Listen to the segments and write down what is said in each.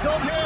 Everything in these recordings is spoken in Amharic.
It's on here.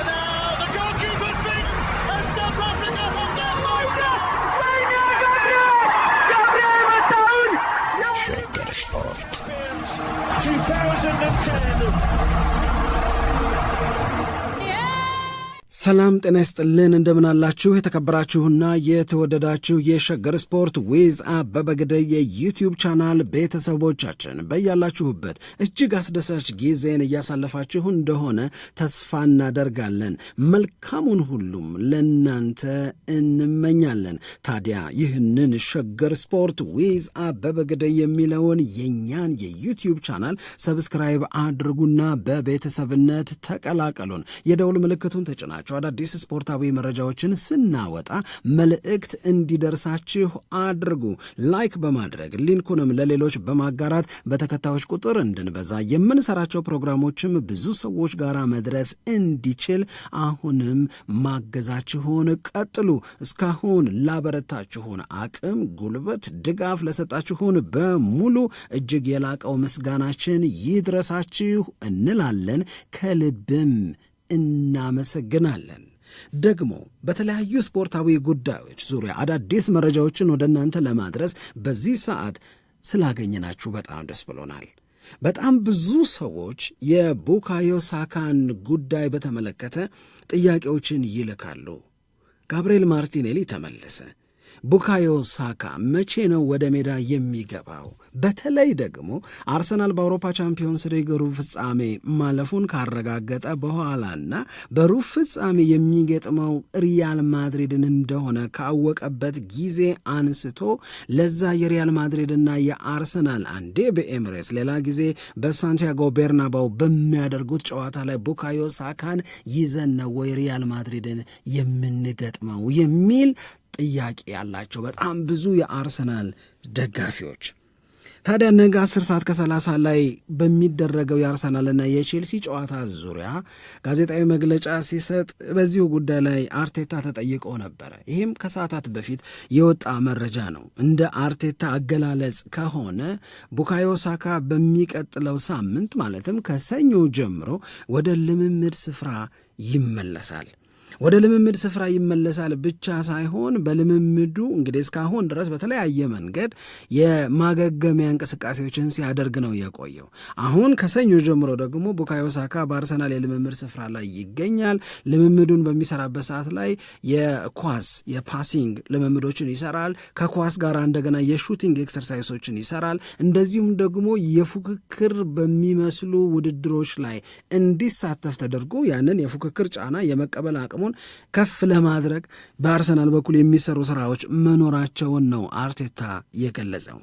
ሰላም ጤና ይስጥልን እንደምናላችሁ የተከበራችሁና የተወደዳችሁ የሸገር ስፖርት ዊዝ አበበ ግደይ የዩትዩብ ቻናል ቤተሰቦቻችን በያላችሁበት እጅግ አስደሳች ጊዜን እያሳለፋችሁ እንደሆነ ተስፋ እናደርጋለን። መልካሙን ሁሉም ለእናንተ እንመኛለን። ታዲያ ይህንን ሸገር ስፖርት ዊዝ አበበ ግደይ የሚለውን የእኛን የዩቲዩብ ቻናል ሰብስክራይብ አድርጉና በቤተሰብነት ተቀላቀሉን። የደውል ምልክቱን ተጭናችሁ የምንላቸው አዳዲስ ስፖርታዊ መረጃዎችን ስናወጣ መልእክት እንዲደርሳችሁ አድርጉ። ላይክ በማድረግ ሊንኩንም ለሌሎች በማጋራት በተከታዮች ቁጥር እንድንበዛ የምንሰራቸው ፕሮግራሞችም ብዙ ሰዎች ጋር መድረስ እንዲችል አሁንም ማገዛችሁን ቀጥሉ። እስካሁን ላበረታችሁን አቅም፣ ጉልበት፣ ድጋፍ ለሰጣችሁን በሙሉ እጅግ የላቀው ምስጋናችን ይድረሳችሁ እንላለን ከልብም እናመሰግናለን። ደግሞ በተለያዩ ስፖርታዊ ጉዳዮች ዙሪያ አዳዲስ መረጃዎችን ወደ እናንተ ለማድረስ በዚህ ሰዓት ስላገኘናችሁ በጣም ደስ ብሎናል። በጣም ብዙ ሰዎች የቡካዮ ሳካን ጉዳይ በተመለከተ ጥያቄዎችን ይልካሉ። ጋብርኤል ማርቲኔሊ ተመለሰ፣ ቡካዮ ሳካ መቼ ነው ወደ ሜዳ የሚገባው? በተለይ ደግሞ አርሰናል በአውሮፓ ቻምፒዮንስ ሊግ ሩብ ፍጻሜ ማለፉን ካረጋገጠ በኋላና በሩብ ፍጻሜ የሚገጥመው ሪያል ማድሪድን እንደሆነ ካወቀበት ጊዜ አንስቶ ለዛ የሪያል ማድሪድና የአርሰናል አንዴ በኤምሬስ ሌላ ጊዜ በሳንቲያጎ ቤርናባው በሚያደርጉት ጨዋታ ላይ ቡካዮ ሳካን ይዘን ነው ወይ ሪያል ማድሪድን የምንገጥመው የሚል ጥያቄ ያላቸው በጣም ብዙ የአርሰናል ደጋፊዎች ታዲያ ነገ 10 ሰዓት ከ30 ላይ በሚደረገው የአርሰናልና የቼልሲ ጨዋታ ዙሪያ ጋዜጣዊ መግለጫ ሲሰጥ በዚሁ ጉዳይ ላይ አርቴታ ተጠይቆ ነበረ። ይህም ከሰዓታት በፊት የወጣ መረጃ ነው። እንደ አርቴታ አገላለጽ ከሆነ ቡካዮ ሳካ በሚቀጥለው ሳምንት ማለትም ከሰኞ ጀምሮ ወደ ልምምድ ስፍራ ይመለሳል። ወደ ልምምድ ስፍራ ይመለሳል ብቻ ሳይሆን በልምምዱ እንግዲህ እስካሁን ድረስ በተለያየ መንገድ የማገገሚያ እንቅስቃሴዎችን ሲያደርግ ነው የቆየው። አሁን ከሰኞ ጀምሮ ደግሞ ቡካዮ ሳካ በአርሰናል የልምምድ ስፍራ ላይ ይገኛል። ልምምዱን በሚሰራበት ሰዓት ላይ የኳስ የፓሲንግ ልምምዶችን ይሰራል። ከኳስ ጋር እንደገና የሹቲንግ ኤክሰርሳይሶችን ይሰራል። እንደዚሁም ደግሞ የፉክክር በሚመስሉ ውድድሮች ላይ እንዲሳተፍ ተደርጎ ያንን የፉክክር ጫና የመቀበል አቅሙን ደረጃውን ከፍ ለማድረግ በአርሰናል በኩል የሚሰሩ ስራዎች መኖራቸውን ነው አርቴታ የገለጸው።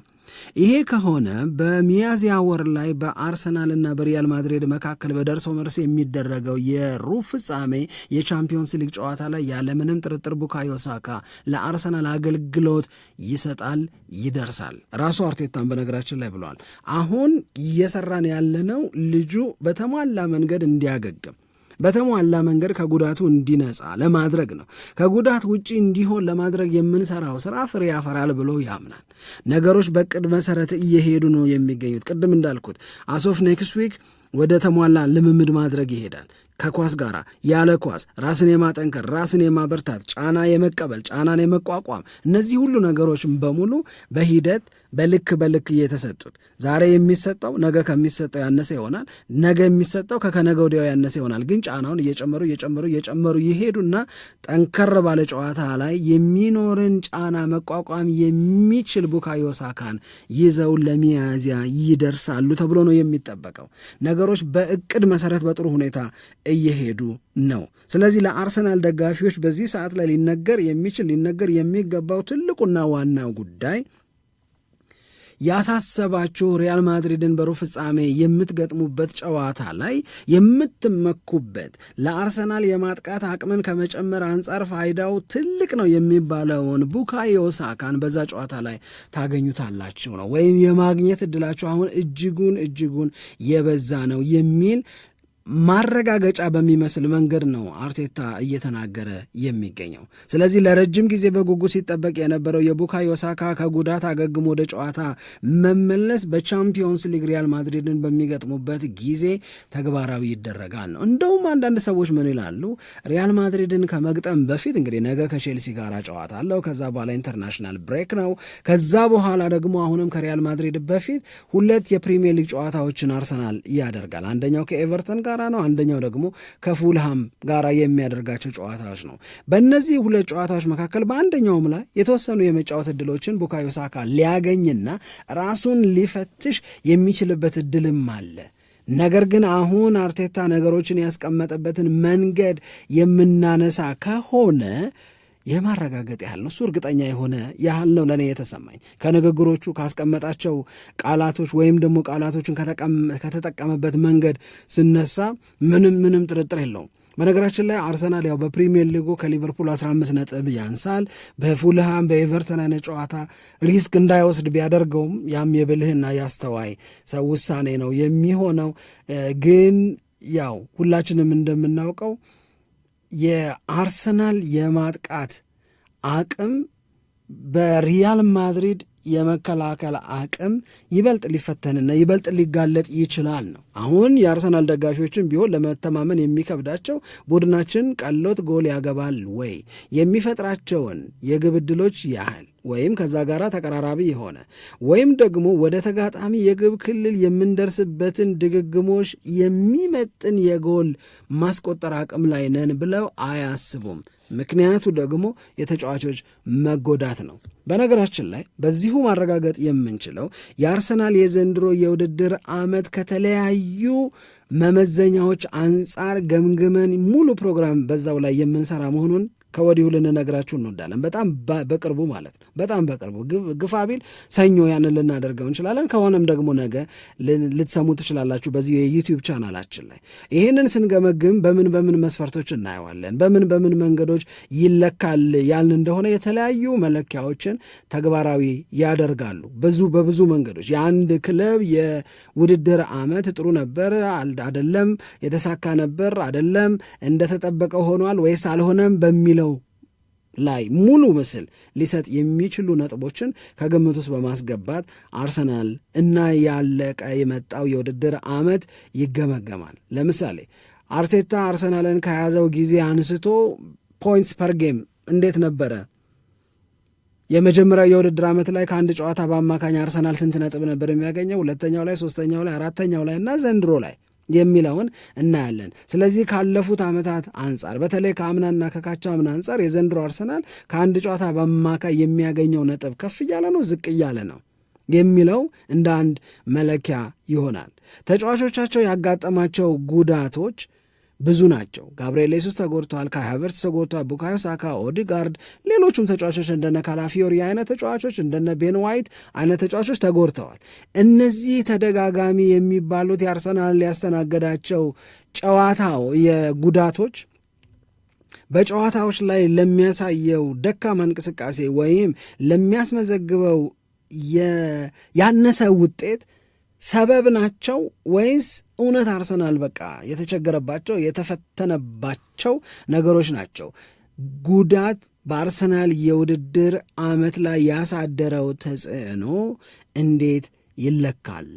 ይሄ ከሆነ በሚያዝያ ወር ላይ በአርሰናልና በሪያል ማድሪድ መካከል በደርሶ መልስ የሚደረገው የሩብ ፍጻሜ የቻምፒዮንስ ሊግ ጨዋታ ላይ ያለምንም ጥርጥር ቡካዮ ሳካ ለአርሰናል አገልግሎት ይሰጣል፣ ይደርሳል። ራሱ አርቴታን በነገራችን ላይ ብለዋል። አሁን እየሰራን ያለነው ልጁ በተሟላ መንገድ እንዲያገግም በተሟላ መንገድ ከጉዳቱ እንዲነጻ ለማድረግ ነው። ከጉዳት ውጪ እንዲሆን ለማድረግ የምንሰራው ስራ ፍሬ ያፈራል ብሎ ያምናል። ነገሮች በቅድ መሰረት እየሄዱ ነው የሚገኙት። ቅድም እንዳልኩት አሶፍ ኔክስት ዊክ ወደ ተሟላ ልምምድ ማድረግ ይሄዳል። ከኳስ ጋር ያለ ኳስ ራስን የማጠንከር ራስን የማበርታት ጫና የመቀበል ጫናን የመቋቋም እነዚህ ሁሉ ነገሮችን በሙሉ በሂደት በልክ በልክ እየተሰጡት ዛሬ የሚሰጠው ነገ ከሚሰጠው ያነሰ ይሆናል፣ ነገ የሚሰጠው ከከነገ ወዲያው ያነሰ ይሆናል። ግን ጫናውን እየጨመሩ እየጨመሩ እየጨመሩ ይሄዱና ጠንከር ባለ ጨዋታ ላይ የሚኖርን ጫና መቋቋም የሚችል ቡካዮ ሳካን ይዘው ለሚያዝያ ይደርሳሉ ተብሎ ነው የሚጠበቀው። ነገሮች በእቅድ መሰረት በጥሩ ሁኔታ እየሄዱ ነው። ስለዚህ ለአርሰናል ደጋፊዎች በዚህ ሰዓት ላይ ሊነገር የሚችል ሊነገር የሚገባው ትልቁና ዋናው ጉዳይ ያሳሰባችሁ ሪያል ማድሪድን በሩብ ፍጻሜ የምትገጥሙበት ጨዋታ ላይ የምትመኩበት ለአርሰናል የማጥቃት አቅምን ከመጨመር አንጻር ፋይዳው ትልቅ ነው የሚባለውን ቡካዮ ሳካን በዛ ጨዋታ ላይ ታገኙታላችሁ ነው ወይም የማግኘት እድላችሁ አሁን እጅጉን እጅጉን የበዛ ነው የሚል ማረጋገጫ በሚመስል መንገድ ነው አርቴታ እየተናገረ የሚገኘው። ስለዚህ ለረጅም ጊዜ በጉጉ ሲጠበቅ የነበረው የቡካዮ ሳካ ከጉዳት አገግሞ ወደ ጨዋታ መመለስ በቻምፒዮንስ ሊግ ሪያል ማድሪድን በሚገጥሙበት ጊዜ ተግባራዊ ይደረጋል ነው። እንደውም አንዳንድ ሰዎች ምን ይላሉ? ሪያል ማድሪድን ከመግጠም በፊት እንግዲህ ነገ ከቼልሲ ጋር ጨዋታ አለው። ከዛ በኋላ ኢንተርናሽናል ብሬክ ነው። ከዛ በኋላ ደግሞ አሁንም ከሪያል ማድሪድ በፊት ሁለት የፕሪሚየር ሊግ ጨዋታዎችን አርሰናል ያደርጋል። አንደኛው ከኤቨርተን ጋር ጋር ነው፣ አንደኛው ደግሞ ከፉልሃም ጋር የሚያደርጋቸው ጨዋታዎች ነው። በእነዚህ ሁለት ጨዋታዎች መካከል በአንደኛውም ላይ የተወሰኑ የመጫወት እድሎችን ቡካዮ ሳካ ሊያገኝና ራሱን ሊፈትሽ የሚችልበት እድልም አለ። ነገር ግን አሁን አርቴታ ነገሮችን ያስቀመጠበትን መንገድ የምናነሳ ከሆነ የማረጋገጥ ያህል ነው። እሱ እርግጠኛ የሆነ ያህል ነው ለእኔ የተሰማኝ ከንግግሮቹ ካስቀመጣቸው ቃላቶች ወይም ደግሞ ቃላቶችን ከተጠቀመበት መንገድ ስነሳ ምንም ምንም ጥርጥር የለውም። በነገራችን ላይ አርሰናል ያው በፕሪሚየር ሊጉ ከሊቨርፑል 15 ነጥብ ያንሳል። በፉልሃም በኤቨርተን አይነት ጨዋታ ሪስክ እንዳይወስድ ቢያደርገውም ያም የብልህና ያስተዋይ ሰው ውሳኔ ነው የሚሆነው። ግን ያው ሁላችንም እንደምናውቀው የአርሰናል የማጥቃት አቅም በሪያል ማድሪድ የመከላከል አቅም ይበልጥ ሊፈተንና ይበልጥ ሊጋለጥ ይችላል ነው። አሁን የአርሰናል ደጋፊዎችን ቢሆን ለመተማመን የሚከብዳቸው ቡድናችን ቀሎት ጎል ያገባል ወይ የሚፈጥራቸውን የግብ ዕድሎች ያህል ወይም ከዛ ጋር ተቀራራቢ የሆነ ወይም ደግሞ ወደ ተጋጣሚ የግብ ክልል የምንደርስበትን ድግግሞሽ የሚመጥን የጎል ማስቆጠር አቅም ላይ ነን ብለው አያስቡም። ምክንያቱ ደግሞ የተጫዋቾች መጎዳት ነው። በነገራችን ላይ በዚሁ ማረጋገጥ የምንችለው የአርሰናል የዘንድሮ የውድድር ዓመት ከተለያዩ መመዘኛዎች አንጻር ገምግመን ሙሉ ፕሮግራም በዛው ላይ የምንሰራ መሆኑን ከወዲሁ ልንነግራችሁ እንወዳለን። በጣም በቅርቡ ማለት ነው። በጣም በቅርቡ ግፋ ቢል ሰኞ ያንን ልናደርገው እንችላለን። ከሆነም ደግሞ ነገ ልትሰሙ ትችላላችሁ በዚህ የዩቲዩብ ቻናላችን ላይ። ይህንን ስንገመግም በምን በምን መስፈርቶች እናየዋለን፣ በምን በምን መንገዶች ይለካል ያልን እንደሆነ የተለያዩ መለኪያዎችን ተግባራዊ ያደርጋሉ። ብዙ በብዙ መንገዶች የአንድ ክለብ የውድድር ዓመት ጥሩ ነበር አደለም፣ የተሳካ ነበር አደለም፣ እንደተጠበቀ ሆኗል ወይስ አልሆነም በሚል ላይ ሙሉ ምስል ሊሰጥ የሚችሉ ነጥቦችን ከግምት ውስጥ በማስገባት አርሰናል እና ያለቀ የመጣው የውድድር ዓመት ይገመገማል። ለምሳሌ አርቴታ አርሰናልን ከያዘው ጊዜ አንስቶ ፖይንትስ ፐር ጌም እንዴት ነበረ? የመጀመሪያው የውድድር ዓመት ላይ ከአንድ ጨዋታ በአማካኝ አርሰናል ስንት ነጥብ ነበር የሚያገኘው? ሁለተኛው ላይ፣ ሶስተኛው ላይ፣ አራተኛው ላይ እና ዘንድሮ ላይ የሚለውን እናያለን። ስለዚህ ካለፉት ዓመታት አንጻር በተለይ ከአምናና ከካቻ አምና አንጻር የዘንድሮ አርሰናል ከአንድ ጨዋታ በአማካይ የሚያገኘው ነጥብ ከፍ እያለ ነው ዝቅ እያለ ነው የሚለው እንደ አንድ መለኪያ ይሆናል። ተጫዋቾቻቸው ያጋጠማቸው ጉዳቶች ብዙ ናቸው። ጋብርኤል ሱስ ተጎድተዋል፣ ካይ ሃቨርትዝ ተጎድቷል፣ ቡካዮ ሳካ፣ ኦድጋርድ፣ ሌሎቹም ተጫዋቾች እንደነ ካላፊዮሪ አይነት ተጫዋቾች እንደነ ቤን ዋይት አይነት ተጫዋቾች ተጎድተዋል። እነዚህ ተደጋጋሚ የሚባሉት የአርሰናል ሊያስተናገዳቸው ጨዋታው የጉዳቶች በጨዋታዎች ላይ ለሚያሳየው ደካማ እንቅስቃሴ ወይም ለሚያስመዘግበው ያነሰ ውጤት ሰበብ ናቸው ወይስ እውነት አርሰናል በቃ የተቸገረባቸው የተፈተነባቸው ነገሮች ናቸው። ጉዳት በአርሰናል የውድድር ዓመት ላይ ያሳደረው ተጽዕኖ እንዴት ይለካል?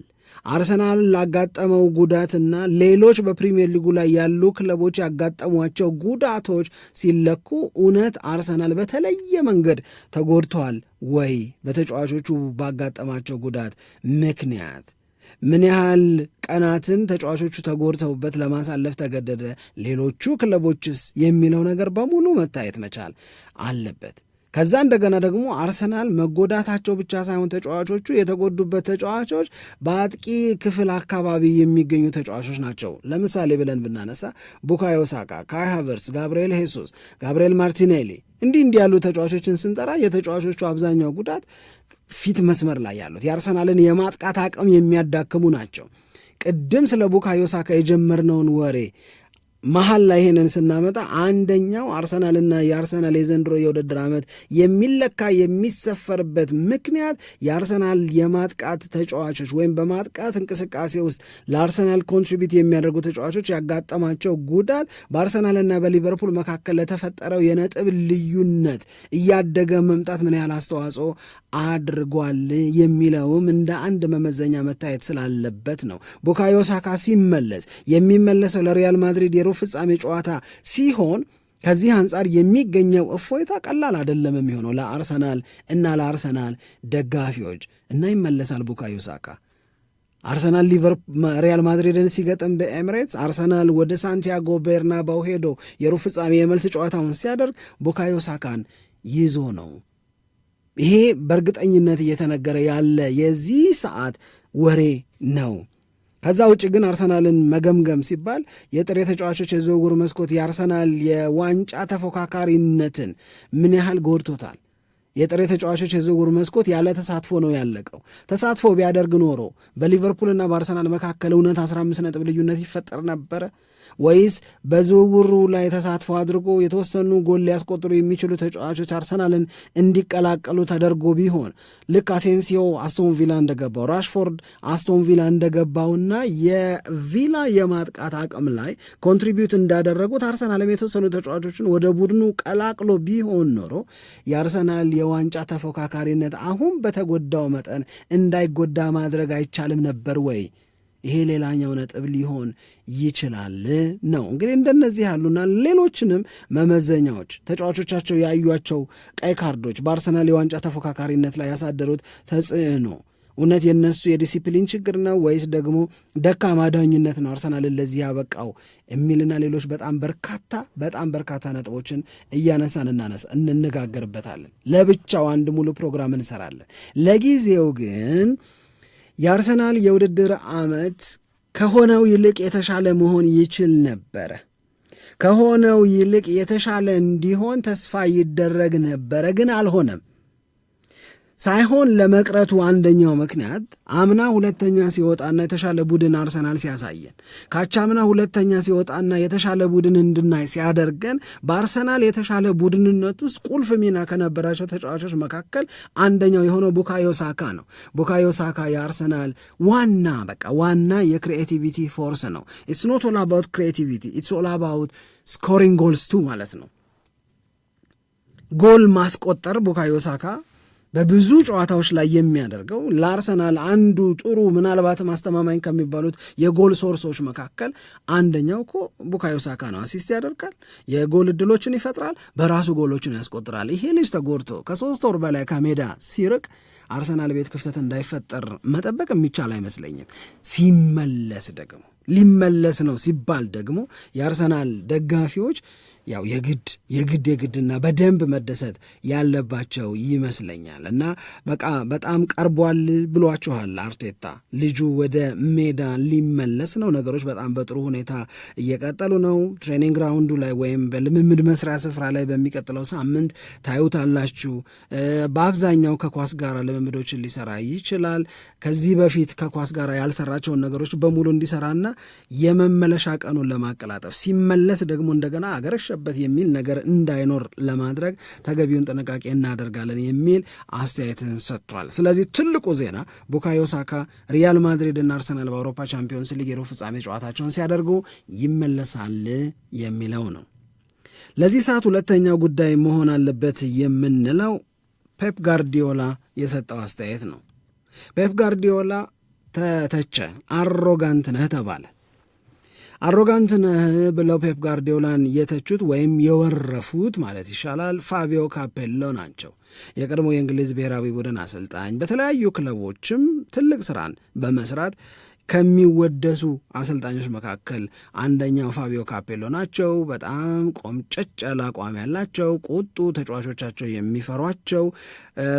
አርሰናል ላጋጠመው ጉዳትና ሌሎች በፕሪምየር ሊጉ ላይ ያሉ ክለቦች ያጋጠሟቸው ጉዳቶች ሲለኩ እውነት አርሰናል በተለየ መንገድ ተጎድተዋል ወይ? በተጫዋቾቹ ባጋጠማቸው ጉዳት ምክንያት ምን ያህል ቀናትን ተጫዋቾቹ ተጎድተውበት ለማሳለፍ ተገደደ፣ ሌሎቹ ክለቦችስ የሚለው ነገር በሙሉ መታየት መቻል አለበት። ከዛ እንደገና ደግሞ አርሰናል መጎዳታቸው ብቻ ሳይሆን ተጫዋቾቹ የተጎዱበት ተጫዋቾች በአጥቂ ክፍል አካባቢ የሚገኙ ተጫዋቾች ናቸው። ለምሳሌ ብለን ብናነሳ ቡካዮ ሳካ፣ ካይ ሃቨርስ፣ ጋብርኤል ሄሱስ፣ ጋብርኤል ማርቲኔሊ እንዲህ እንዲህ ያሉ ተጫዋቾችን ስንጠራ የተጫዋቾቹ አብዛኛው ጉዳት ፊት መስመር ላይ ያሉት የአርሰናልን የማጥቃት አቅም የሚያዳክሙ ናቸው። ቅድም ስለ ቡካዮ ሳካ የጀመርነውን ወሬ መሀል ላይ ይሄንን ስናመጣ አንደኛው አርሰናልና የአርሰናል የዘንድሮ የውድድር ዓመት የሚለካ የሚሰፈርበት ምክንያት የአርሰናል የማጥቃት ተጫዋቾች ወይም በማጥቃት እንቅስቃሴ ውስጥ ለአርሰናል ኮንትሪቢዩት የሚያደርጉ ተጫዋቾች ያጋጠማቸው ጉዳት በአርሰናልና በሊቨርፑል መካከል ለተፈጠረው የነጥብ ልዩነት እያደገ መምጣት ምን ያህል አስተዋጽኦ አድርጓል የሚለውም እንደ አንድ መመዘኛ መታየት ስላለበት ነው። ቡካዮ ሳካ ሲመለስ የሚመለሰው ለሪያል ማድሪድ የሩ የሩብ ፍጻሜ ጨዋታ ሲሆን ከዚህ አንጻር የሚገኘው እፎይታ ቀላል አይደለም የሚሆነው ለአርሰናል እና ለአርሰናል ደጋፊዎች እና ይመለሳል ቡካዮ ሳካ አርሰናል ሪያል ማድሪድን ሲገጥም በኤምሬትስ አርሰናል ወደ ሳንቲያጎ ቤርናባው ሄዶ የሩብ ፍጻሜ የመልስ ጨዋታውን ሲያደርግ ቡካዮ ሳካን ይዞ ነው። ይሄ በእርግጠኝነት እየተነገረ ያለ የዚህ ሰዓት ወሬ ነው። ከዛ ውጭ ግን አርሰናልን መገምገም ሲባል የጥሬ ተጫዋቾች የዝውውር መስኮት የአርሰናል የዋንጫ ተፎካካሪነትን ምን ያህል ጎድቶታል? የጥሬ ተጫዋቾች የዝውውር መስኮት ያለ ተሳትፎ ነው ያለቀው። ተሳትፎ ቢያደርግ ኖሮ በሊቨርፑልና በአርሰናል መካከል እውነት 15 ነጥብ ልዩነት ይፈጠር ነበረ? ወይስ በዝውውሩ ላይ ተሳትፎ አድርጎ የተወሰኑ ጎል ሊያስቆጥሩ የሚችሉ ተጫዋቾች አርሰናልን እንዲቀላቀሉ ተደርጎ ቢሆን ልክ አሴንሲዮ አስቶን ቪላ እንደገባው ራሽፎርድ አስቶን ቪላ እንደገባውና የቪላ የማጥቃት አቅም ላይ ኮንትሪቢዩት እንዳደረጉት አርሰናልም የተወሰኑ ተጫዋቾችን ወደ ቡድኑ ቀላቅሎ ቢሆን ኖሮ የአርሰናል የዋንጫ ተፎካካሪነት አሁን በተጎዳው መጠን እንዳይጎዳ ማድረግ አይቻልም ነበር ወይ? ይሄ ሌላኛው ነጥብ ሊሆን ይችላል ነው። እንግዲህ እንደነዚህ ያሉና ሌሎችንም መመዘኛዎች ተጫዋቾቻቸው ያዩቸው ቀይ ካርዶች፣ በአርሰናል የዋንጫ ተፎካካሪነት ላይ ያሳደሩት ተጽዕኖ እውነት የነሱ የዲሲፕሊን ችግር ነው ወይስ ደግሞ ደካማ ዳኝነት ነው አርሰናል ለዚህ ያበቃው የሚልና ሌሎች በጣም በርካታ በጣም በርካታ ነጥቦችን እያነሳን እናነሳ እንነጋገርበታለን። ለብቻው አንድ ሙሉ ፕሮግራም እንሰራለን። ለጊዜው ግን የአርሰናል የውድድር ዓመት ከሆነው ይልቅ የተሻለ መሆን ይችል ነበረ። ከሆነው ይልቅ የተሻለ እንዲሆን ተስፋ ይደረግ ነበረ፣ ግን አልሆነም። ሳይሆን ለመቅረቱ አንደኛው ምክንያት አምና ሁለተኛ ሲወጣና የተሻለ ቡድን አርሰናል ሲያሳየን ካቻምና ሁለተኛ ሲወጣና የተሻለ ቡድን እንድናይ ሲያደርገን በአርሰናል የተሻለ ቡድንነት ውስጥ ቁልፍ ሚና ከነበራቸው ተጫዋቾች መካከል አንደኛው የሆነው ቡካዮ ሳካ ነው። ቡካዮ ሳካ የአርሰናል ዋና በቃ ዋና የክሪኤቲቪቲ ፎርስ ነው። ኢትስ ኖት ኦል አባውት ክሪኤቲቪቲ ኢትስ ኦል አባውት ስኮሪንግ ጎልስ ቱ ማለት ነው። ጎል ማስቆጠር ቡካዮ ሳካ በብዙ ጨዋታዎች ላይ የሚያደርገው ለአርሰናል አንዱ ጥሩ ምናልባትም አስተማማኝ ከሚባሉት የጎል ሶርሶች መካከል አንደኛው እኮ ቡካዮ ሳካ ነው። አሲስት ያደርጋል፣ የጎል እድሎችን ይፈጥራል፣ በራሱ ጎሎችን ያስቆጥራል። ይሄ ልጅ ተጎድቶ ከሶስት ወር በላይ ከሜዳ ሲርቅ አርሰናል ቤት ክፍተት እንዳይፈጠር መጠበቅ የሚቻል አይመስለኝም። ሲመለስ ደግሞ ሊመለስ ነው ሲባል ደግሞ የአርሰናል ደጋፊዎች ያው የግድ የግድ የግድና በደንብ መደሰት ያለባቸው ይመስለኛል። እና በቃ በጣም ቀርቧል ብሏችኋል አርቴታ። ልጁ ወደ ሜዳ ሊመለስ ነው። ነገሮች በጣም በጥሩ ሁኔታ እየቀጠሉ ነው። ትሬኒንግ ግራውንዱ ላይ ወይም በልምምድ መስሪያ ስፍራ ላይ በሚቀጥለው ሳምንት ታዩታላችሁ። በአብዛኛው ከኳስ ጋር ልምምዶችን ሊሰራ ይችላል። ከዚህ በፊት ከኳስ ጋር ያልሰራቸውን ነገሮች በሙሉ እንዲሰራና የመመለሻ ቀኑን ለማቀላጠፍ ሲመለስ ደግሞ እንደገና አገረሽ ተበላሸበት የሚል ነገር እንዳይኖር ለማድረግ ተገቢውን ጥንቃቄ እናደርጋለን የሚል አስተያየትን ሰጥቷል። ስለዚህ ትልቁ ዜና ቡካዮ ሳካ ሪያል እና አርሰናል በአውሮፓ ቻምፒዮንስ ሊግ የሩብ ፍጻሜ ጨዋታቸውን ሲያደርጉ ይመለሳል የሚለው ነው። ለዚህ ሰዓት ሁለተኛው ጉዳይ መሆን አለበት የምንለው ፔፕ ጋርዲዮላ የሰጠው አስተያየት ነው። ፔፕ ጋርዲዮላ ተተቸ፣ አሮጋንት ነህ ተባለ። አሮጋንት ነህ ብለው ፔፕ ጋርዲዮላን የተቹት ወይም የወረፉት ማለት ይሻላል ፋቢዮ ካፔሎ ናቸው። የቀድሞ የእንግሊዝ ብሔራዊ ቡድን አሰልጣኝ በተለያዩ ክለቦችም ትልቅ ስራን በመስራት ከሚወደሱ አሰልጣኞች መካከል አንደኛው ፋቢዮ ካፔሎ ናቸው። በጣም ቆምጨጭ ያለ አቋም ያላቸው፣ ቁጡ፣ ተጫዋቾቻቸው የሚፈሯቸው፣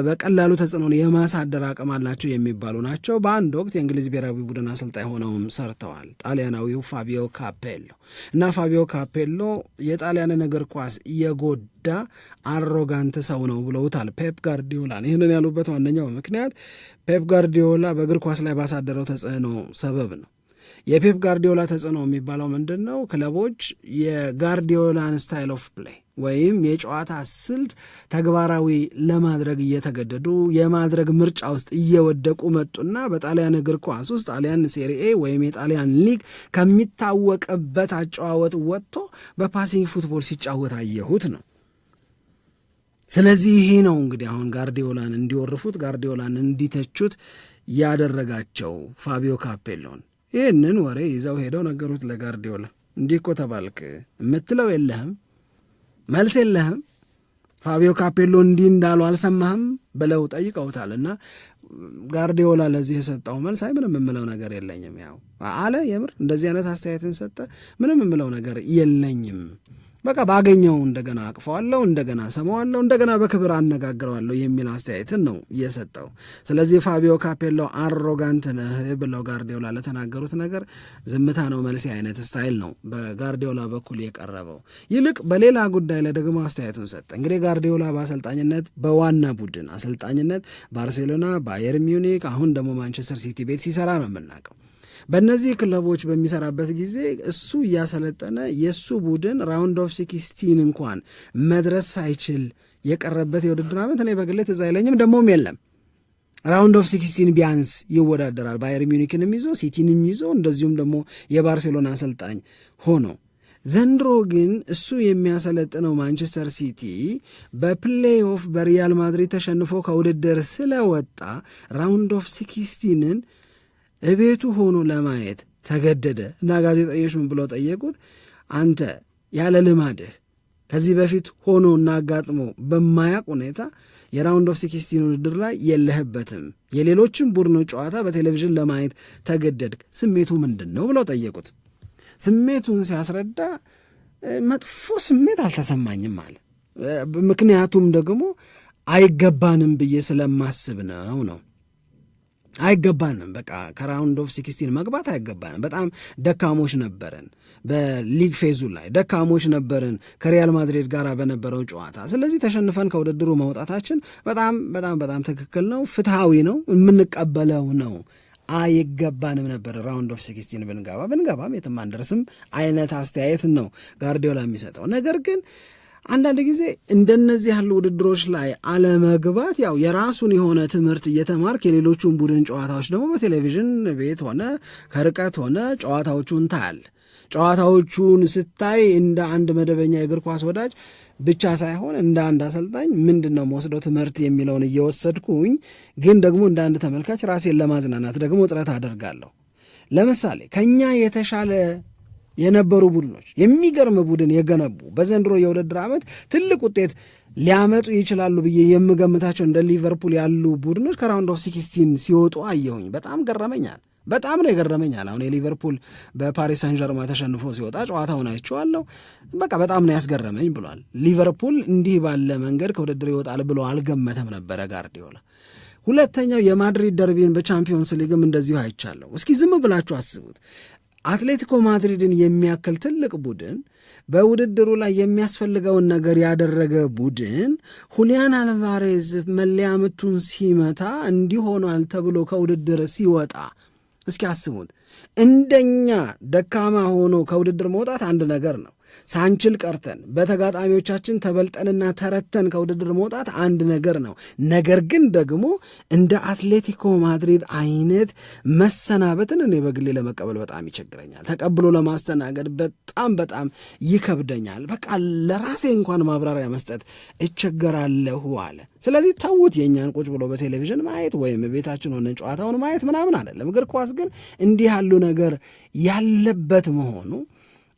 በቀላሉ ተጽዕኖን የማሳደር አቅም አላቸው የሚባሉ ናቸው። በአንድ ወቅት የእንግሊዝ ብሔራዊ ቡድን አሰልጣኝ ሆነውም ሰርተዋል። ጣሊያናዊው ፋቢዮ ካፔሎ እና ፋቢዮ ካፔሎ የጣሊያንን እግር ኳስ የጎድ የሚጎዳ አሮጋንት ሰው ነው ብለውታል ፔፕ ጋርዲዮላን። ይህንን ያሉበት ዋነኛው ምክንያት ፔፕ ጋርዲዮላ በእግር ኳስ ላይ ባሳደረው ተጽዕኖ ሰበብ ነው። የፔፕ ጋርዲዮላ ተጽዕኖ የሚባለው ምንድን ነው? ክለቦች የጋርዲዮላን ስታይል ኦፍ ፕሌይ ወይም የጨዋታ ስልት ተግባራዊ ለማድረግ እየተገደዱ የማድረግ ምርጫ ውስጥ እየወደቁ መጡና በጣሊያን እግር ኳስ ውስጥ ጣሊያን ሴሪኤ ወይም የጣሊያን ሊግ ከሚታወቅበት አጨዋወት ወጥቶ በፓሲንግ ፉትቦል ሲጫወት አየሁት ነው። ስለዚህ ይሄ ነው እንግዲህ አሁን ጋርዲዮላን እንዲወርፉት ጋርዲዮላን እንዲተቹት ያደረጋቸው ፋቢዮ ካፔሎን ይህንን ወሬ ይዘው ሄደው ነገሩት ለጋርዲዮላ። እንዲህ እኮ ተባልክ የምትለው የለህም፣ መልስ የለህም፣ ፋቢዮ ካፔሎ እንዲህ እንዳሉ አልሰማህም ብለው ጠይቀውታል። እና ጋርዲዮላ ለዚህ የሰጠው መልስ አይ ምንም የምለው ነገር የለኝም ያው አለ። የምር እንደዚህ አይነት አስተያየትን ሰጠ፣ ምንም የምለው ነገር የለኝም በቃ ባገኘው እንደገና አቅፈዋለሁ፣ እንደገና ሰማዋለሁ፣ እንደገና በክብር አነጋግረዋለሁ የሚል አስተያየትን ነው የሰጠው። ስለዚህ ፋቢዮ ካፔሎ አሮጋንት ነህ ብለው ጋርዲዮላ ለተናገሩት ነገር ዝምታ ነው መልሴ አይነት ስታይል ነው በጋርዲዮላ በኩል የቀረበው። ይልቅ በሌላ ጉዳይ ላይ ደግሞ አስተያየቱን ሰጠ። እንግዲህ ጋርዲዮላ በአሰልጣኝነት በዋና ቡድን አሰልጣኝነት ባርሴሎና፣ ባየር ሚዩኒክ፣ አሁን ደግሞ ማንቸስተር ሲቲ ቤት ሲሰራ ነው የምናውቀው። በእነዚህ ክለቦች በሚሰራበት ጊዜ እሱ እያሰለጠነ የእሱ ቡድን ራውንድ ኦፍ ሲክስቲን እንኳን መድረስ ሳይችል የቀረበት የውድድር ዓመት እኔ በግሌ ትዝ አይለኝም። ደግሞም የለም ራውንድ ኦፍ ሲክስቲን ቢያንስ ይወዳደራል። ባየር ሚኒክንም ይዞ ሲቲንም ይዞ እንደዚሁም ደግሞ የባርሴሎና አሰልጣኝ ሆኖ ዘንድሮ ግን እሱ የሚያሰለጥነው ማንቸስተር ሲቲ በፕሌይኦፍ በሪያል ማድሪድ ተሸንፎ ከውድድር ስለወጣ ራውንድ ኦፍ ሲክስቲንን እቤቱ ሆኖ ለማየት ተገደደ እና ጋዜጠኞች ምን ብለው ጠየቁት? አንተ ያለ ልማድህ ከዚህ በፊት ሆኖ እና አጋጥሞ በማያቅ ሁኔታ የራውንድ ኦፍ ሲክስቲን ውድድር ላይ የለህበትም፣ የሌሎችም ቡድኖ ጨዋታ በቴሌቪዥን ለማየት ተገደድክ፣ ስሜቱ ምንድን ነው ብለው ጠየቁት። ስሜቱን ሲያስረዳ መጥፎ ስሜት አልተሰማኝም አለ። ምክንያቱም ደግሞ አይገባንም ብዬ ስለማስብ ነው ነው አይገባንም። በቃ ከራውንድ ኦፍ ሲክስቲን መግባት አይገባንም። በጣም ደካሞች ነበርን። በሊግ ፌዙ ላይ ደካሞች ነበርን ከሪያል ማድሪድ ጋር በነበረው ጨዋታ። ስለዚህ ተሸንፈን ከውድድሩ መውጣታችን በጣም በጣም በጣም ትክክል ነው፣ ፍትሐዊ ነው፣ የምንቀበለው ነው። አይገባንም ነበር ራውንድ ኦፍ ሲክስቲን ብንገባ ብንገባም የትም አንደርስም አይነት አስተያየት ነው ጋርዲዮላ የሚሰጠው ነገር ግን አንዳንድ ጊዜ እንደነዚህ ያሉ ውድድሮች ላይ አለመግባት ያው የራሱን የሆነ ትምህርት እየተማርክ የሌሎቹን ቡድን ጨዋታዎች ደግሞ በቴሌቪዥን ቤት ሆነ ከርቀት ሆነ ጨዋታዎቹን ታያል። ጨዋታዎቹን ስታይ እንደ አንድ መደበኛ የእግር ኳስ ወዳጅ ብቻ ሳይሆን እንደ አንድ አሰልጣኝ ምንድን ነው መወስደው ትምህርት የሚለውን እየወሰድኩኝ፣ ግን ደግሞ እንደ አንድ ተመልካች ራሴን ለማዝናናት ደግሞ ጥረት አደርጋለሁ። ለምሳሌ ከኛ የተሻለ የነበሩ ቡድኖች የሚገርም ቡድን የገነቡ በዘንድሮ የውድድር ዓመት ትልቅ ውጤት ሊያመጡ ይችላሉ ብዬ የምገምታቸው እንደ ሊቨርፑል ያሉ ቡድኖች ከራውንድ ኦፍ ሲክስቲን ሲወጡ አየሁኝ። በጣም ገረመኛል። በጣም ነው የገረመኛል። አሁን የሊቨርፑል በፓሪስ ሳን ጀርማ ተሸንፎ ሲወጣ ጨዋታውን አይቼዋለሁ። በቃ በጣም ነው ያስገረመኝ ብሏል። ሊቨርፑል እንዲህ ባለ መንገድ ከውድድር ይወጣል ብሎ አልገመተም ነበረ ጋርዲዮላ። ሁለተኛው የማድሪድ ደርቢን በቻምፒዮንስ ሊግም እንደዚሁ አይቻለሁ። እስኪ ዝም ብላችሁ አስቡት። አትሌቲኮ ማድሪድን የሚያክል ትልቅ ቡድን በውድድሩ ላይ የሚያስፈልገውን ነገር ያደረገ ቡድን ሁሊያን አልቫሬዝ መለያ ምቱን ሲመታ እንዲሆኗል ተብሎ ከውድድር ሲወጣ እስኪ አስቡት። እንደኛ ደካማ ሆኖ ከውድድር መውጣት አንድ ነገር ነው። ሳንችል ቀርተን በተጋጣሚዎቻችን ተበልጠንና ተረተን ከውድድር መውጣት አንድ ነገር ነው። ነገር ግን ደግሞ እንደ አትሌቲኮ ማድሪድ አይነት መሰናበትን እኔ በግሌ ለመቀበል በጣም ይቸግረኛል። ተቀብሎ ለማስተናገድ በጣም በጣም ይከብደኛል። በቃ ለራሴ እንኳን ማብራሪያ መስጠት እቸገራለሁ አለ። ስለዚህ ተዉት፣ የእኛን ቁጭ ብሎ በቴሌቪዥን ማየት ወይም ቤታችን ሆነን ጨዋታውን ማየት ምናምን አይደለም። እግር ኳስ ግን እንዲህ ያሉ ነገር ያለበት መሆኑ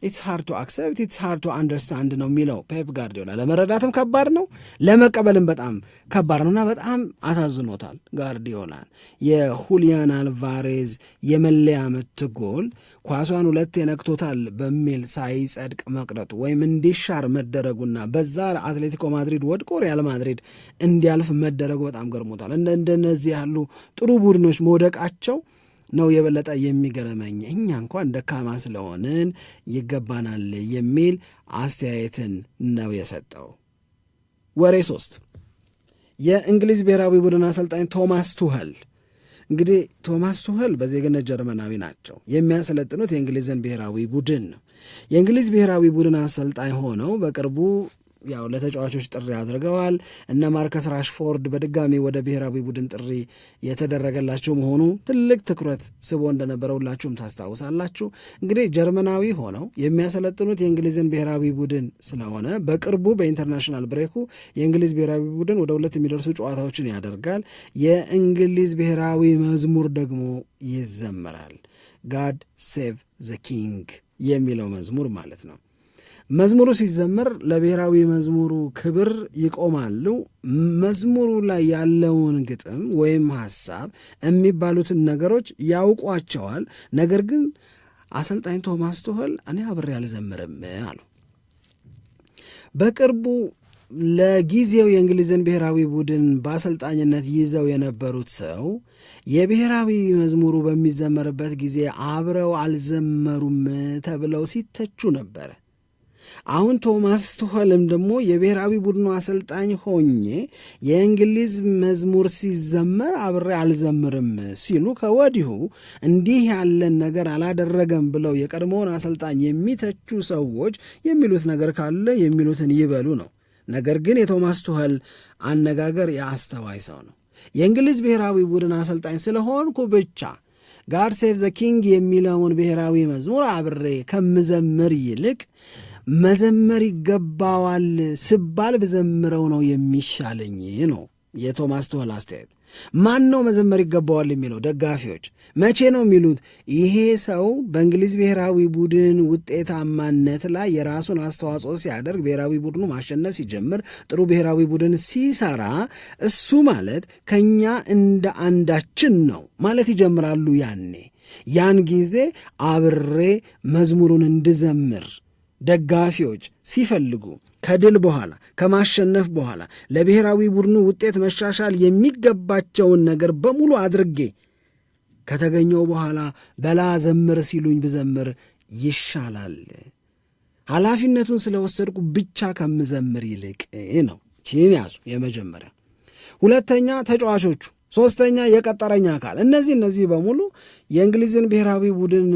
ኢትስ ሃር ቱ አክሰፕት ኢትስ ሃር ቱ አንደርስታንድ ነው የሚለው ፔፕ ጋርዲዮላ። ለመረዳትም ከባድ ነው፣ ለመቀበልም በጣም ከባድ ነው እና በጣም አሳዝኖታል ጋርዲዮላን የሁሊያን አልቫሬዝ የመለያ ምት ጎል ኳሷን ሁለት የነክቶታል በሚል ሳይጸድቅ መቅረቱ ወይም እንዲሻር መደረጉና በዛ አትሌቲኮ ማድሪድ ወድቆ ሪያል ማድሪድ እንዲያልፍ መደረጉ በጣም ገርሞታል። እንደነዚህ ያሉ ጥሩ ቡድኖች መውደቃቸው ነው የበለጠ የሚገረመኝ። እኛ እንኳን ደካማ ስለሆንን ይገባናል የሚል አስተያየትን ነው የሰጠው። ወሬ ሶስት የእንግሊዝ ብሔራዊ ቡድን አሰልጣኝ ቶማስ ቱኸል እንግዲህ ቶማስ ቱኸል በዜግነት ጀርመናዊ ናቸው። የሚያሰለጥኑት የእንግሊዝን ብሔራዊ ቡድን ነው። የእንግሊዝ ብሔራዊ ቡድን አሰልጣኝ ሆነው በቅርቡ ያው ለተጫዋቾች ጥሪ አድርገዋል። እነ ማርከስ ራሽፎርድ በድጋሚ ወደ ብሔራዊ ቡድን ጥሪ የተደረገላቸው መሆኑ ትልቅ ትኩረት ስቦ እንደነበረ ሁላችሁም ታስታውሳላችሁ። እንግዲህ ጀርመናዊ ሆነው የሚያሰለጥኑት የእንግሊዝን ብሔራዊ ቡድን ስለሆነ በቅርቡ በኢንተርናሽናል ብሬኩ የእንግሊዝ ብሔራዊ ቡድን ወደ ሁለት የሚደርሱ ጨዋታዎችን ያደርጋል። የእንግሊዝ ብሔራዊ መዝሙር ደግሞ ይዘመራል። ጋድ ሴቭ ዘ ኪንግ የሚለው መዝሙር ማለት ነው። መዝሙሩ ሲዘመር ለብሔራዊ መዝሙሩ ክብር ይቆማሉ። መዝሙሩ ላይ ያለውን ግጥም ወይም ሀሳብ የሚባሉትን ነገሮች ያውቋቸዋል። ነገር ግን አሰልጣኝ ቶማስ ቱኸል እኔ አብሬ አልዘምርም አሉ። በቅርቡ ለጊዜው የእንግሊዝን ብሔራዊ ቡድን በአሰልጣኝነት ይዘው የነበሩት ሰው የብሔራዊ መዝሙሩ በሚዘመርበት ጊዜ አብረው አልዘመሩም ተብለው ሲተቹ ነበረ። አሁን ቶማስ ቱኸልም ደግሞ የብሔራዊ ቡድኑ አሰልጣኝ ሆኜ የእንግሊዝ መዝሙር ሲዘመር አብሬ አልዘምርም ሲሉ ከወዲሁ እንዲህ ያለን ነገር አላደረገም ብለው የቀድሞውን አሰልጣኝ የሚተቹ ሰዎች የሚሉት ነገር ካለ የሚሉትን ይበሉ ነው። ነገር ግን የቶማስ ቱኸል አነጋገር የአስተዋይ ሰው ነው። የእንግሊዝ ብሔራዊ ቡድን አሰልጣኝ ስለሆንኩ ብቻ ጋድ ሴቭ ዘ ኪንግ የሚለውን ብሔራዊ መዝሙር አብሬ ከምዘምር ይልቅ መዘመር ይገባዋል ስባል ብዘምረው ነው የሚሻለኝ ነው የቶማስ ቱኸል አስተያየት። ማን ነው መዘመር ይገባዋል የሚለው? ደጋፊዎች መቼ ነው የሚሉት? ይሄ ሰው በእንግሊዝ ብሔራዊ ቡድን ውጤታማነት ላይ የራሱን አስተዋጽኦ ሲያደርግ፣ ብሔራዊ ቡድኑ ማሸነፍ ሲጀምር፣ ጥሩ ብሔራዊ ቡድን ሲሰራ፣ እሱ ማለት ከእኛ እንደ አንዳችን ነው ማለት ይጀምራሉ። ያኔ ያን ጊዜ አብሬ መዝሙሩን እንድዘምር ደጋፊዎች ሲፈልጉ ከድል በኋላ ከማሸነፍ በኋላ ለብሔራዊ ቡድኑ ውጤት መሻሻል የሚገባቸውን ነገር በሙሉ አድርጌ ከተገኘው በኋላ በላ ዘምር ሲሉኝ ብዘምር ይሻላል። ኃላፊነቱን ስለወሰድኩ ብቻ ከምዘምር ይልቅ ነው። ይህን ያዙ። የመጀመሪያ ሁለተኛ ተጫዋቾቹ፣ ሶስተኛ የቀጠረኛ አካል። እነዚህ እነዚህ በሙሉ የእንግሊዝን ብሔራዊ ቡድን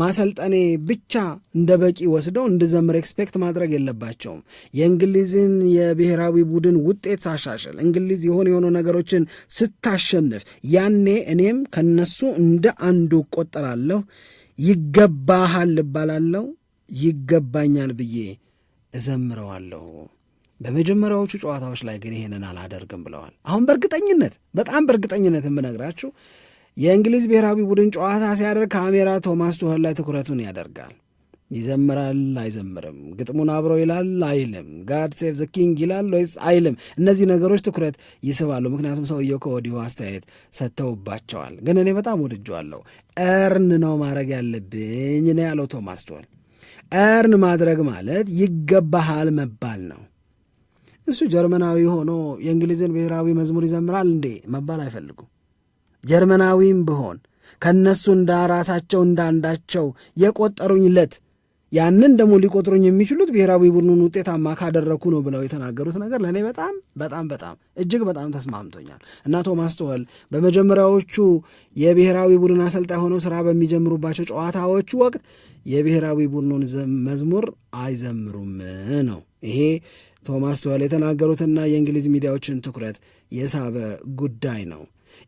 ማሰልጠኔ ብቻ እንደ በቂ ወስደው እንድዘምር ኤክስፔክት ማድረግ የለባቸውም። የእንግሊዝን የብሔራዊ ቡድን ውጤት ሳሻሽል፣ እንግሊዝ የሆነ የሆኑ ነገሮችን ስታሸንፍ፣ ያኔ እኔም ከነሱ እንደ አንዱ እቆጠራለሁ። ይገባሃል እባላለሁ፣ ይገባኛል ብዬ እዘምረዋለሁ። በመጀመሪያዎቹ ጨዋታዎች ላይ ግን ይሄንን አላደርግም ብለዋል። አሁን በእርግጠኝነት በጣም በእርግጠኝነት የምነግራችሁ የእንግሊዝ ብሔራዊ ቡድን ጨዋታ ሲያደርግ ካሜራ ቶማስ ቱኸል ላይ ትኩረቱን ያደርጋል። ይዘምራል አይዘምርም፣ ግጥሙን አብሮ ይላል አይልም፣ ጋድ ሴቭ ዘ ኪንግ ይላል ወይስ አይልም። እነዚህ ነገሮች ትኩረት ይስባሉ፣ ምክንያቱም ሰውየው ከወዲሁ አስተያየት ሰጥተውባቸዋል። ግን እኔ በጣም ወድጀዋለሁ። እርን ነው ማድረግ ያለብኝ ነው ያለው ቶማስ ቱኸል። እርን ማድረግ ማለት ይገባሃል መባል ነው። እሱ ጀርመናዊ ሆኖ የእንግሊዝን ብሔራዊ መዝሙር ይዘምራል እንዴ መባል አይፈልጉም። ጀርመናዊም ብሆን ከእነሱ እንደ ራሳቸው እንዳንዳቸው የቆጠሩኝ ለት ያንን ደግሞ ሊቆጥሩኝ የሚችሉት ብሔራዊ ቡድኑን ውጤታማ ካደረኩ ነው ብለው የተናገሩት ነገር ለእኔ በጣም በጣም በጣም እጅግ በጣም ተስማምቶኛል እና ቶማስ ቶኸል በመጀመሪያዎቹ የብሔራዊ ቡድን አሰልጣኝ ሆነው ስራ በሚጀምሩባቸው ጨዋታዎች ወቅት የብሔራዊ ቡድኑን መዝሙር አይዘምሩም ነው። ይሄ ቶማስ ቶኸል የተናገሩትና የእንግሊዝ ሚዲያዎችን ትኩረት የሳበ ጉዳይ ነው።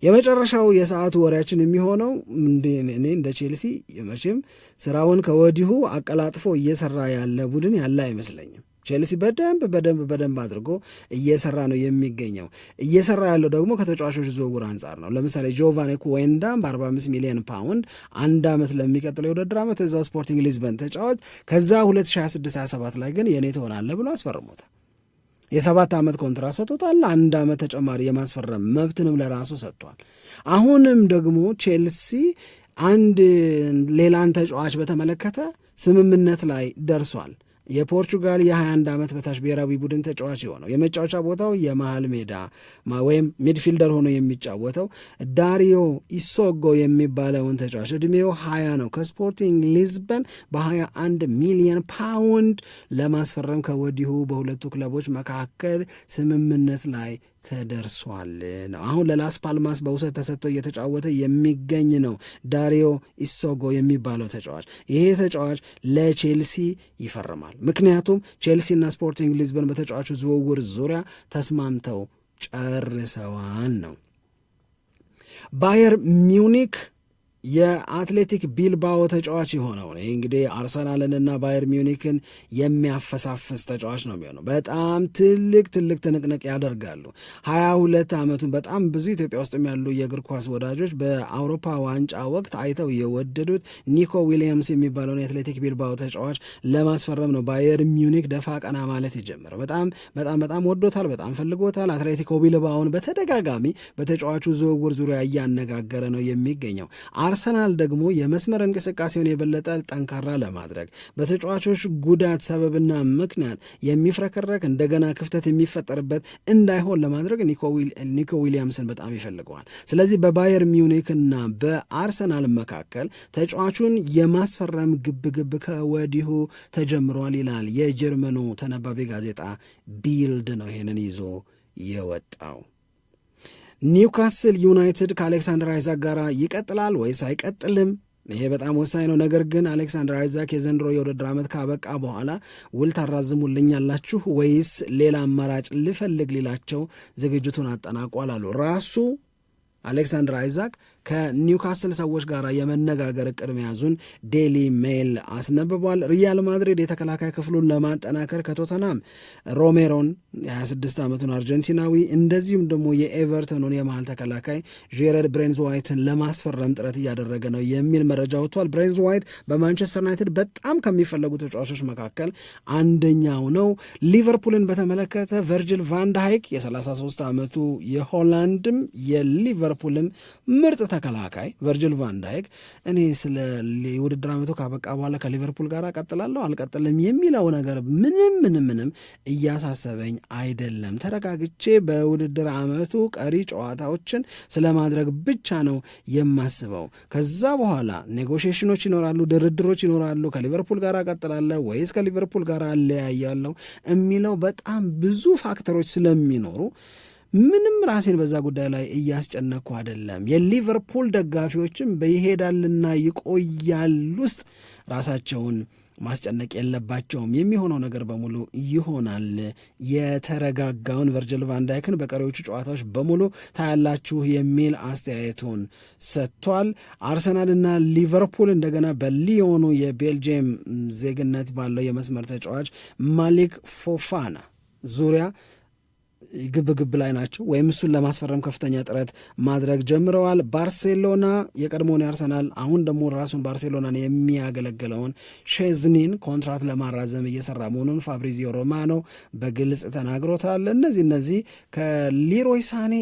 የመጨረሻው የሰዓቱ ወሬያችን የሚሆነው እኔ እንደ ቼልሲ መቼም ስራውን ከወዲሁ አቀላጥፎ እየሰራ ያለ ቡድን ያለ አይመስለኝም። ቼልሲ በደንብ በደንብ በደንብ አድርጎ እየሰራ ነው የሚገኘው። እየሰራ ያለው ደግሞ ከተጫዋቾች ዝውውር አንጻር ነው። ለምሳሌ ጆቫኒ ኩዌንዳም በ45 ሚሊዮን ፓውንድ አንድ ዓመት ለሚቀጥለው የውድድር ዓመት እዛው ስፖርቲንግ ሊዝበን ተጫዋች ከዛ 2026/27 ላይ ግን የኔ ትሆናለህ ብሎ አስፈርሞታል። የሰባት ዓመት ኮንትራት ሰጥቶታል። አንድ ዓመት ተጨማሪ የማስፈረም መብትንም ለራሱ ሰጥቷል። አሁንም ደግሞ ቼልሲ አንድ ሌላን ተጫዋች በተመለከተ ስምምነት ላይ ደርሷል። የፖርቹጋል የ21 ዓመት በታች ብሔራዊ ቡድን ተጫዋች የሆነው የመጫወቻ ቦታው የመሃል ሜዳ ወይም ሚድፊልደር ሆኖ የሚጫወተው ዳሪዮ ኢሶጎ የሚባለውን ተጫዋች እድሜው 20 ነው ከስፖርቲንግ ሊዝበን በ21 ሚሊዮን ፓውንድ ለማስፈረም ከወዲሁ በሁለቱ ክለቦች መካከል ስምምነት ላይ ተደርሷል ነው። አሁን ለላስ ፓልማስ በውሰት ተሰጥቶ እየተጫወተ የሚገኝ ነው ዳሪዮ ኢሶጎ የሚባለው ተጫዋች። ይሄ ተጫዋች ለቼልሲ ይፈርማል። ምክንያቱም ቼልሲና ስፖርቲንግ ሊዝበን በተጫዋቹ ዝውውር ዙሪያ ተስማምተው ጨርሰዋል ነው ባየር ሚውኒክ የአትሌቲክ ቢልባኦ ተጫዋች የሆነው ይህ እንግዲህ አርሰናልንና ባየር ሚዩኒክን የሚያፈሳፍስ ተጫዋች ነው የሚሆነው። በጣም ትልቅ ትልቅ ትንቅንቅ ያደርጋሉ። ሀያ ሁለት ዓመቱን በጣም ብዙ ኢትዮጵያ ውስጥ ያሉ የእግር ኳስ ወዳጆች በአውሮፓ ዋንጫ ወቅት አይተው የወደዱት ኒኮ ዊሊያምስ የሚባለውን የአትሌቲክ ቢልባኦ ተጫዋች ለማስፈረም ነው ባየር ሚኒክ ደፋ ቀና ማለት የጀመረው። በጣም በጣም በጣም ወዶታል፣ በጣም ፈልጎታል። አትሌቲኮ ቢልባኦን በተደጋጋሚ በተጫዋቹ ዝውውር ዙሪያ እያነጋገረ ነው የሚገኘው። አርሰናል ደግሞ የመስመር እንቅስቃሴውን የበለጠ ጠንካራ ለማድረግ በተጫዋቾች ጉዳት ሰበብና ምክንያት የሚፍረከረክ እንደገና ክፍተት የሚፈጠርበት እንዳይሆን ለማድረግ ኒኮ ዊሊያምስን በጣም ይፈልገዋል። ስለዚህ በባየር ሚውኒክ እና በአርሰናል መካከል ተጫዋቹን የማስፈረም ግብግብ ከወዲሁ ተጀምሯል ይላል የጀርመኑ ተነባቢ ጋዜጣ ቢልድ ነው ይህንን ይዞ የወጣው። ኒውካስል ዩናይትድ ከአሌክሳንደር አይዛክ ጋር ይቀጥላል ወይስ አይቀጥልም? ይሄ በጣም ወሳኝ ነው። ነገር ግን አሌክሳንደር አይዛክ የዘንድሮ የውድድር ዓመት ካበቃ በኋላ ውል ታራዝሙልኛላችሁ ወይስ ሌላ አማራጭ ልፈልግ ሊላቸው ዝግጅቱን አጠናቋል አሉ ራሱ አሌክሳንደር አይዛክ ከኒውካስል ሰዎች ጋር የመነጋገር እቅድ መያዙን ዴሊ ሜል አስነብቧል። ሪያል ማድሪድ የተከላካይ ክፍሉን ለማጠናከር ከቶተናም ሮሜሮን የ26 ዓመቱን አርጀንቲናዊ እንደዚሁም ደግሞ የኤቨርተኑን የመሃል ተከላካይ ጄረድ ብሬንዝ ዋይትን ለማስፈረም ጥረት እያደረገ ነው የሚል መረጃ ወጥቷል። ብሬንዝ ዋይት በማንቸስተር ዩናይትድ በጣም ከሚፈለጉ ተጫዋቾች መካከል አንደኛው ነው። ሊቨርፑልን በተመለከተ ቨርጅል ሃይክ የ33 ዓመቱ የሆላንድም የሊቨርፑልም ምርጥ ተከላካይ ቨርጅል ቫንዳይክ እኔ ስለ የውድድር ዓመቱ ካበቃ በኋላ ከሊቨርፑል ጋር ቀጥላለሁ አልቀጥልም የሚለው ነገር ምንም ምንም ምንም እያሳሰበኝ አይደለም። ተረጋግቼ በውድድር ዓመቱ ቀሪ ጨዋታዎችን ስለማድረግ ብቻ ነው የማስበው። ከዛ በኋላ ኔጎሽሽኖች ይኖራሉ፣ ድርድሮች ይኖራሉ። ከሊቨርፑል ጋር ቀጥላለሁ ወይስ ከሊቨርፑል ጋር አለያያለሁ የሚለው በጣም ብዙ ፋክተሮች ስለሚኖሩ ምንም ራሴን በዛ ጉዳይ ላይ እያስጨነኩ አይደለም። የሊቨርፑል ደጋፊዎችም በይሄዳልና ይቆያል ውስጥ ራሳቸውን ማስጨነቅ የለባቸውም። የሚሆነው ነገር በሙሉ ይሆናል። የተረጋጋውን ቨርጅል ቫንዳይክን በቀሪዎቹ ጨዋታዎች በሙሉ ታያላችሁ የሚል አስተያየቱን ሰጥቷል። አርሰናልና ሊቨርፑል እንደገና በሊዮኑ የቤልጅየም ዜግነት ባለው የመስመር ተጫዋች ማሊክ ፎፋና ዙሪያ ግብግብ ላይ ናቸው ወይም እሱን ለማስፈረም ከፍተኛ ጥረት ማድረግ ጀምረዋል። ባርሴሎና የቀድሞውን አርሰናል አሁን ደግሞ ራሱን ባርሴሎናን የሚያገለግለውን ሼዝኒን ኮንትራት ለማራዘም እየሰራ መሆኑን ፋብሪዚዮ ሮማኖ በግልጽ ተናግሮታል። እነዚህ እነዚህ ከሊሮይ ሳኔ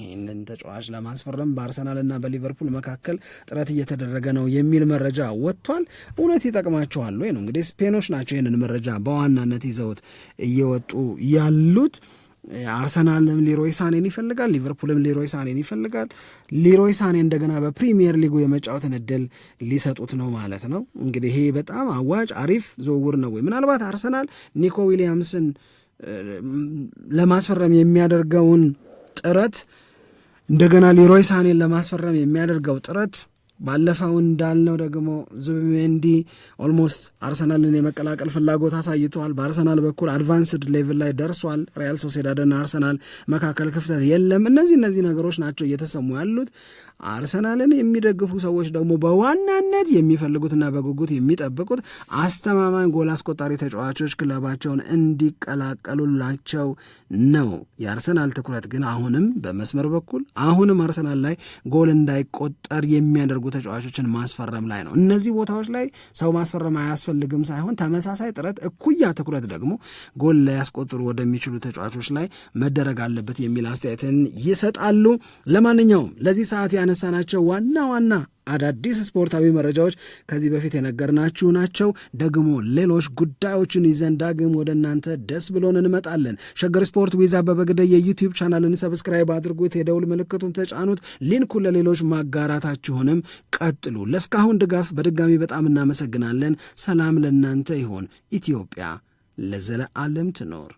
ይህንን ተጫዋች ለማስፈረም በአርሰናልና በሊቨርፑል መካከል ጥረት እየተደረገ ነው የሚል መረጃ ወጥቷል። እውነት ይጠቅማቸዋል ወይ ነው እንግዲህ ስፔኖች ናቸው ይህንን መረጃ በዋናነት ይዘውት እየወጡ ያሉት። አርሰናልም ሊሮይ ሳኔን ይፈልጋል፣ ሊቨርፑልም ሊሮይ ሳኔን ይፈልጋል። ሊሮይ ሳኔ እንደገና በፕሪሚየር ሊጉ የመጫወትን እድል ሊሰጡት ነው ማለት ነው። እንግዲህ ይሄ በጣም አዋጭ አሪፍ ዝውውር ነው ወይ ምናልባት አርሰናል ኒኮ ዊሊያምስን ለማስፈረም የሚያደርገውን ጥረት እንደገና ሊሮይ ሳኔን ለማስፈረም የሚያደርገው ጥረት ባለፈው እንዳልነው ደግሞ ዙቢሜንዲ ኦልሞስት አርሰናልን የመቀላቀል ፍላጎት አሳይቷል። በአርሰናል በኩል አድቫንስድ ሌቭል ላይ ደርሷል። ሪያል ሶሴዳድና አርሰናል መካከል ክፍተት የለም። እነዚህ እነዚህ ነገሮች ናቸው እየተሰሙ ያሉት። አርሰናልን የሚደግፉ ሰዎች ደግሞ በዋናነት የሚፈልጉትና በጉጉት የሚጠብቁት አስተማማኝ ጎል አስቆጣሪ ተጫዋቾች ክለባቸውን እንዲቀላቀሉላቸው ነው። የአርሰናል ትኩረት ግን አሁንም በመስመር በኩል አሁንም አርሰናል ላይ ጎል እንዳይቆጠር የሚያደርጉ ተጫዋቾችን ማስፈረም ላይ ነው። እነዚህ ቦታዎች ላይ ሰው ማስፈረም አያስፈልግም ሳይሆን ተመሳሳይ ጥረት፣ እኩያ ትኩረት ደግሞ ጎል ሊያስቆጥሩ ወደሚችሉ ተጫዋቾች ላይ መደረግ አለበት የሚል አስተያየትን ይሰጣሉ። ለማንኛውም ለዚህ ሰዓት ያነ ያነሳናቸው ዋና ዋና አዳዲስ ስፖርታዊ መረጃዎች ከዚህ በፊት የነገርናችሁ ናቸው። ደግሞ ሌሎች ጉዳዮችን ይዘን ዳግም ወደ እናንተ ደስ ብሎን እንመጣለን። ሸገር ስፖርት ዊዛ በበግደ የዩቲዩብ ቻናልን ሰብስክራይብ አድርጉት፣ የደውል ምልክቱን ተጫኑት፣ ሊንኩ ለሌሎች ማጋራታችሁንም ቀጥሉ። ለእስካሁን ድጋፍ በድጋሚ በጣም እናመሰግናለን። ሰላም ለእናንተ ይሆን። ኢትዮጵያ ለዘለዓለም ትኖር።